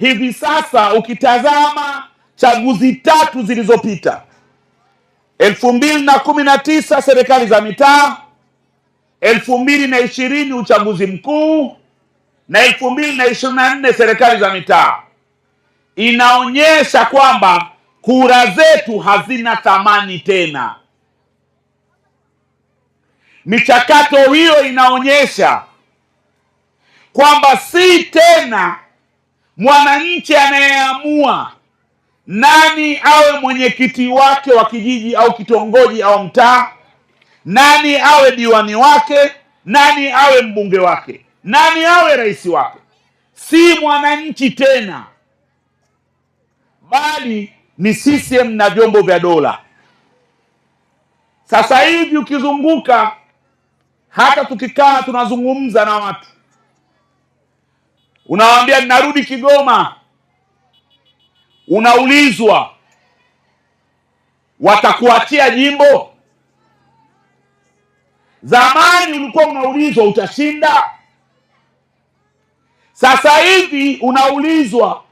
Hivi sasa ukitazama chaguzi tatu zilizopita, elfu mbili na kumi na tisa serikali za mitaa, elfu mbili na ishirini uchaguzi mkuu na elfu mbili na ishirini na nne serikali za mitaa, inaonyesha kwamba kura zetu hazina thamani tena. Michakato hiyo inaonyesha kwamba si tena mwananchi anayeamua nani awe mwenyekiti wake wa kijiji au kitongoji au mtaa, nani awe diwani wake, nani awe mbunge wake, nani awe rais wake, si mwananchi tena, bali ni CCM na vyombo vya dola. Sasa hivi ukizunguka, hata tukikaa tunazungumza na watu unawaambia ninarudi Kigoma, unaulizwa watakuachia jimbo. Zamani ulikuwa unaulizwa utashinda, sasa hivi unaulizwa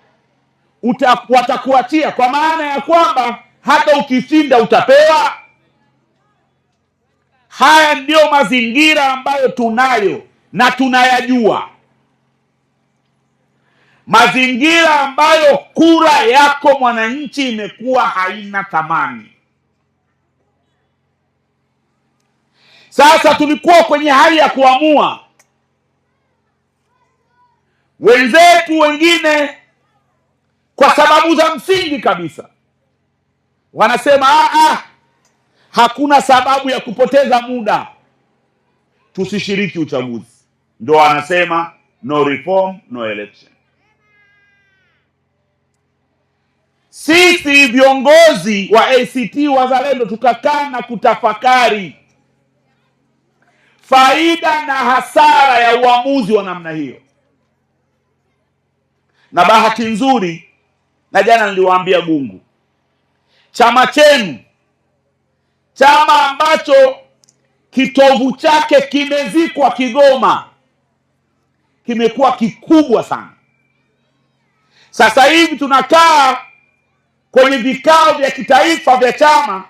uta, watakuachia, kwa maana ya kwamba hata ukishinda utapewa. Haya ndiyo mazingira ambayo tunayo na tunayajua mazingira ambayo kura yako mwananchi imekuwa haina thamani. Sasa tulikuwa kwenye hali ya kuamua. Wenzetu wengine kwa sababu za msingi kabisa wanasema ah, ah hakuna sababu ya kupoteza muda, tusishiriki uchaguzi. Ndo wanasema no reform no election. sisi viongozi wa ACT Wazalendo tukakaa na kutafakari faida na hasara ya uamuzi wa namna hiyo, na bahati nzuri, na jana niliwaambia gungu, chama chenu, chama ambacho kitovu chake kimezikwa Kigoma, kimekuwa kikubwa sana. Sasa hivi tunakaa kwenye vikao vya kitaifa vya chama,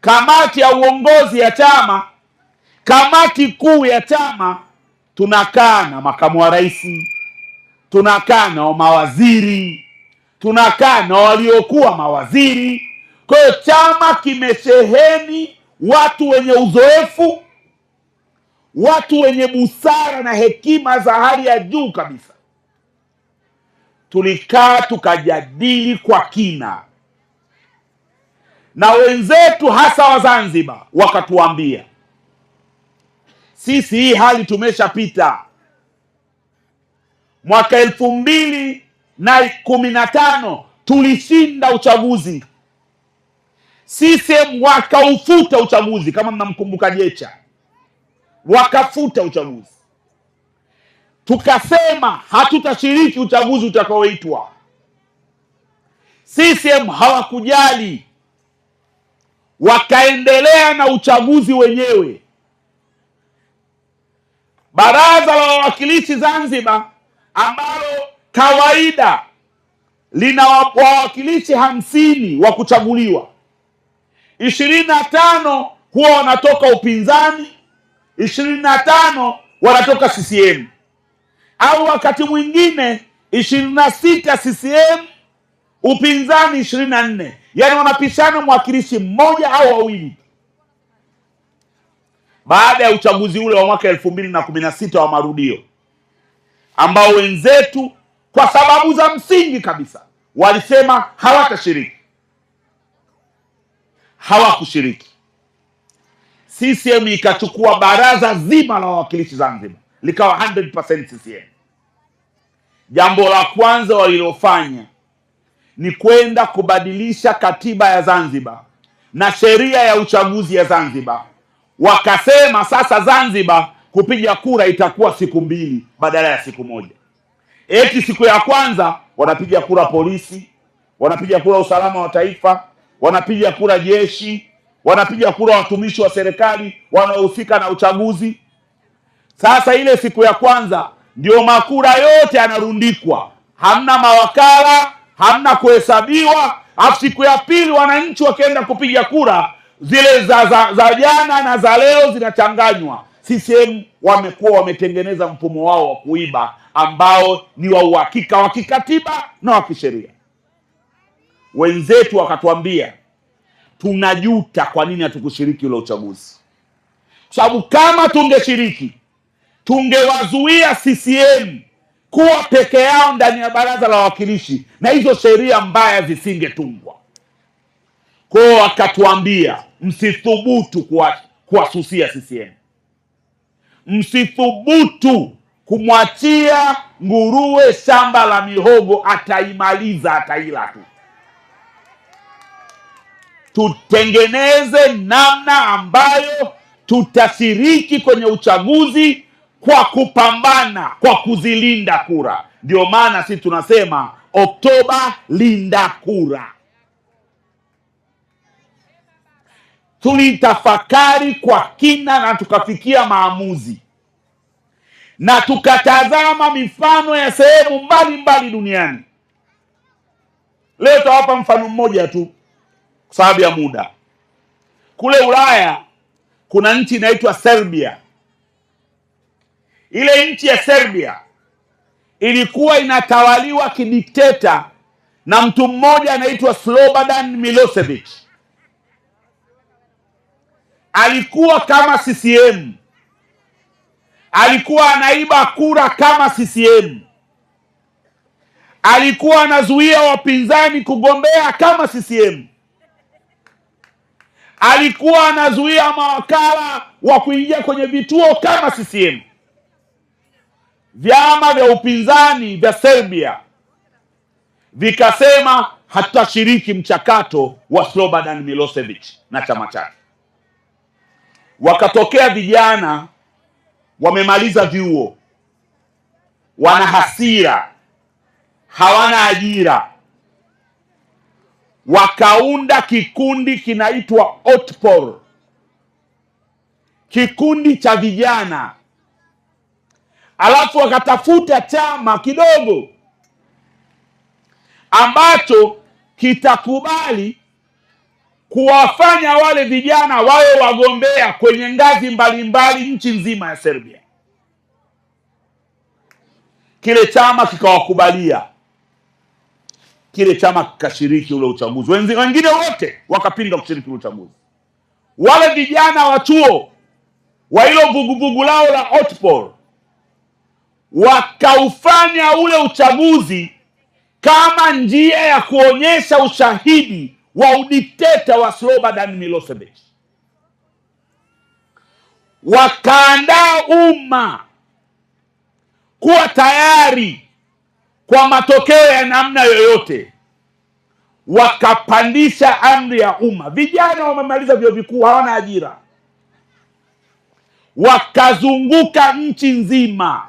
kamati ya uongozi ya chama, kamati kuu ya chama, tunakaa na makamu wa rais, tunakaa na mawaziri, tunakaa na waliokuwa mawaziri. Kwa hiyo chama kimesheheni watu wenye uzoefu, watu wenye busara na hekima za hali ya juu kabisa tulikaa tukajadili kwa kina na wenzetu hasa wa Zanzibar wakatuambia sisi hii hali tumeshapita. Mwaka elfu mbili na kumi na tano tulishinda uchaguzi CCM, wakaufuta uchaguzi. Kama mnamkumbuka Jecha, wakafuta uchaguzi tukasema hatutashiriki uchaguzi utakaoitwa. CCM hawakujali, wakaendelea na uchaguzi wenyewe. Baraza la Wawakilishi Zanzibar ambalo kawaida lina wawakilishi hamsini wa kuchaguliwa, ishirini na tano huwa wanatoka upinzani, ishirini na tano wanatoka CCM au wakati mwingine ishirini na sita CCM upinzani ishirini na nne yaani wanapishana mwakilishi mmoja au wawili. Baada ya uchaguzi ule wa mwaka elfu mbili na kumi na sita wa marudio ambao wenzetu kwa sababu za msingi kabisa walisema hawatashiriki, hawakushiriki. CCM ikachukua baraza zima la wawakilishi Zanzibar likawa 100% CCM. Jambo la kwanza walilofanya ni kwenda kubadilisha katiba ya Zanzibar na sheria ya uchaguzi ya Zanzibar. Wakasema sasa Zanzibar kupiga kura itakuwa siku mbili badala ya siku moja. Eti siku ya kwanza wanapiga kura polisi, wanapiga kura usalama wa taifa, wanapiga kura jeshi, wanapiga kura watumishi wa serikali wanaohusika na uchaguzi sasa ile siku ya kwanza ndio makura yote yanarundikwa, hamna mawakala, hamna kuhesabiwa. afu siku ya pili wananchi wakienda kupiga kura, zile za, za, za jana na za leo zinachanganywa. CCM wamekuwa wametengeneza mfumo wao wa kuiba ambao ni wa uhakika wa kikatiba na wa kisheria. Wenzetu wakatuambia tunajuta, kwa nini hatukushiriki ule uchaguzi, kwa sababu kama tungeshiriki tungewazuia CCM kuwa peke yao ndani ya baraza la wawakilishi na hizo sheria mbaya zisingetungwa. Kwao akatuambia msithubutu kuwasusia CCM, msithubutu kumwachia nguruwe shamba la mihogo, ataimaliza ataila tu. Tutengeneze namna ambayo tutashiriki kwenye uchaguzi kwa kupambana, kwa kuzilinda kura. Ndio maana sisi tunasema Oktoba linda kura. Tulitafakari kwa kina na tukafikia maamuzi na tukatazama mifano ya sehemu mbalimbali duniani. Leo tawapa mfano mmoja tu kwa sababu ya muda. Kule Ulaya kuna nchi inaitwa Serbia ile nchi ya Serbia ilikuwa inatawaliwa kidikteta na mtu mmoja anaitwa Slobodan Milosevic, alikuwa kama CCM, alikuwa anaiba kura kama CCM, alikuwa anazuia wapinzani kugombea kama CCM, alikuwa anazuia mawakala wa kuingia kwenye vituo kama CCM vyama vya upinzani vya Serbia vikasema hatutashiriki mchakato wa Slobodan Milosevic na chama chake. Wakatokea vijana wamemaliza vyuo, wana hasira, hawana ajira, wakaunda kikundi kinaitwa Otpor, kikundi cha vijana alafu akatafuta chama kidogo ambacho kitakubali kuwafanya wale vijana wawe wagombea kwenye ngazi mbalimbali nchi nzima ya Serbia. Kile chama kikawakubalia, kile chama kikashiriki ule uchaguzi. Wengine wote wakapinga kushiriki ule uchaguzi. Wale vijana wa chuo wa hilo vuguvugu lao la Otpor wakaufanya ule uchaguzi kama njia ya kuonyesha ushahidi wa udikteta wa Slobodan Milosevic. Wakaandaa umma kuwa tayari kwa matokeo ya namna yoyote, wakapandisha amri ya umma. Vijana wamemaliza vyuo vikuu, hawana ajira, wakazunguka nchi nzima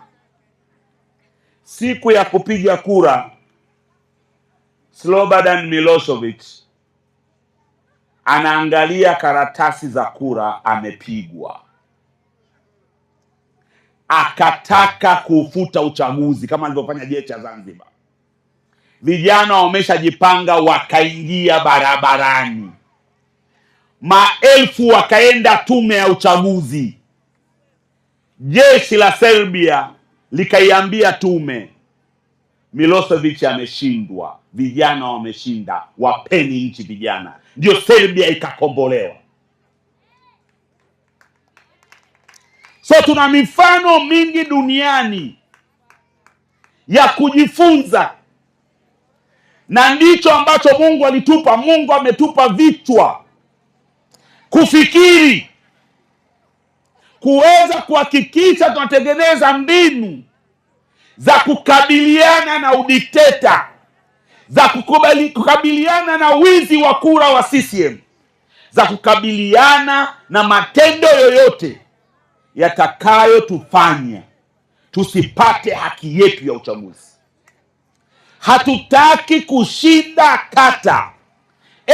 siku ya kupiga kura Slobodan Milosevic anaangalia karatasi za kura, amepigwa akataka kufuta uchaguzi kama alivyofanya Jecha Zanzibar. Vijana wameshajipanga wakaingia barabarani, maelfu wakaenda tume ya uchaguzi. Jeshi la Serbia likaiambia tume, Milosevic ameshindwa, vijana wameshinda, wapeni nchi vijana. Ndio Serbia ikakombolewa. So tuna mifano mingi duniani ya kujifunza, na ndicho ambacho Mungu alitupa. Mungu ametupa vichwa kufikiri kuweza kuhakikisha tunatengeneza mbinu za kukabiliana na udikteta, za kukubali, kukabiliana na wizi wa kura wa CCM, za kukabiliana na matendo yoyote yatakayotufanya tusipate haki yetu ya uchaguzi. Hatutaki kushinda kata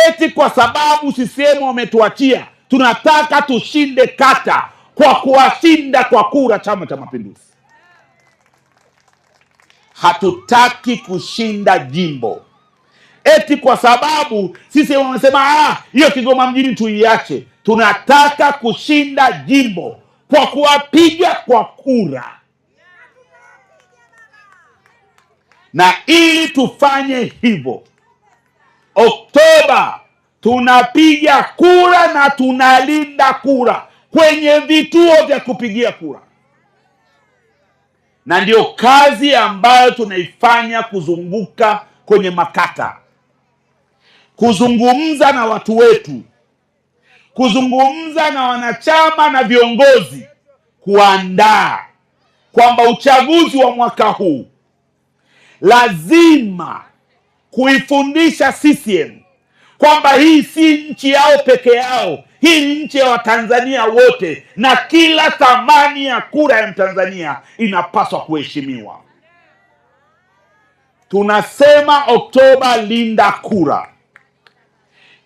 eti kwa sababu CCM wametuachia. Tunataka tushinde kata kwa kuwashinda kwa kura Chama cha Mapinduzi. Hatutaki kushinda jimbo eti kwa sababu sisi wanasema ah, hiyo Kigoma mjini tuiache. Tunataka kushinda jimbo kwa kuwapiga kwa kura, na ili tufanye hivyo, Oktoba tunapiga kura na tunalinda kura kwenye vituo vya kupigia kura, na ndiyo kazi ambayo tunaifanya kuzunguka kwenye makata, kuzungumza na watu wetu, kuzungumza na wanachama na viongozi, kuandaa kwamba uchaguzi wa mwaka huu lazima kuifundisha CCM kwamba hii si nchi yao peke yao hii nchi ya Watanzania wote, na kila thamani ya kura ya Mtanzania inapaswa kuheshimiwa. Tunasema Oktoba linda kura,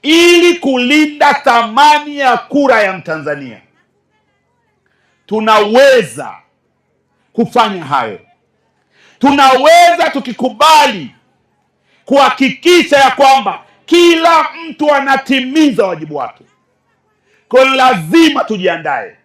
ili kulinda thamani ya kura ya Mtanzania. Tunaweza kufanya hayo, tunaweza tukikubali kuhakikisha ya kwamba kila mtu anatimiza wajibu wake. Kwa lazima tujiandae.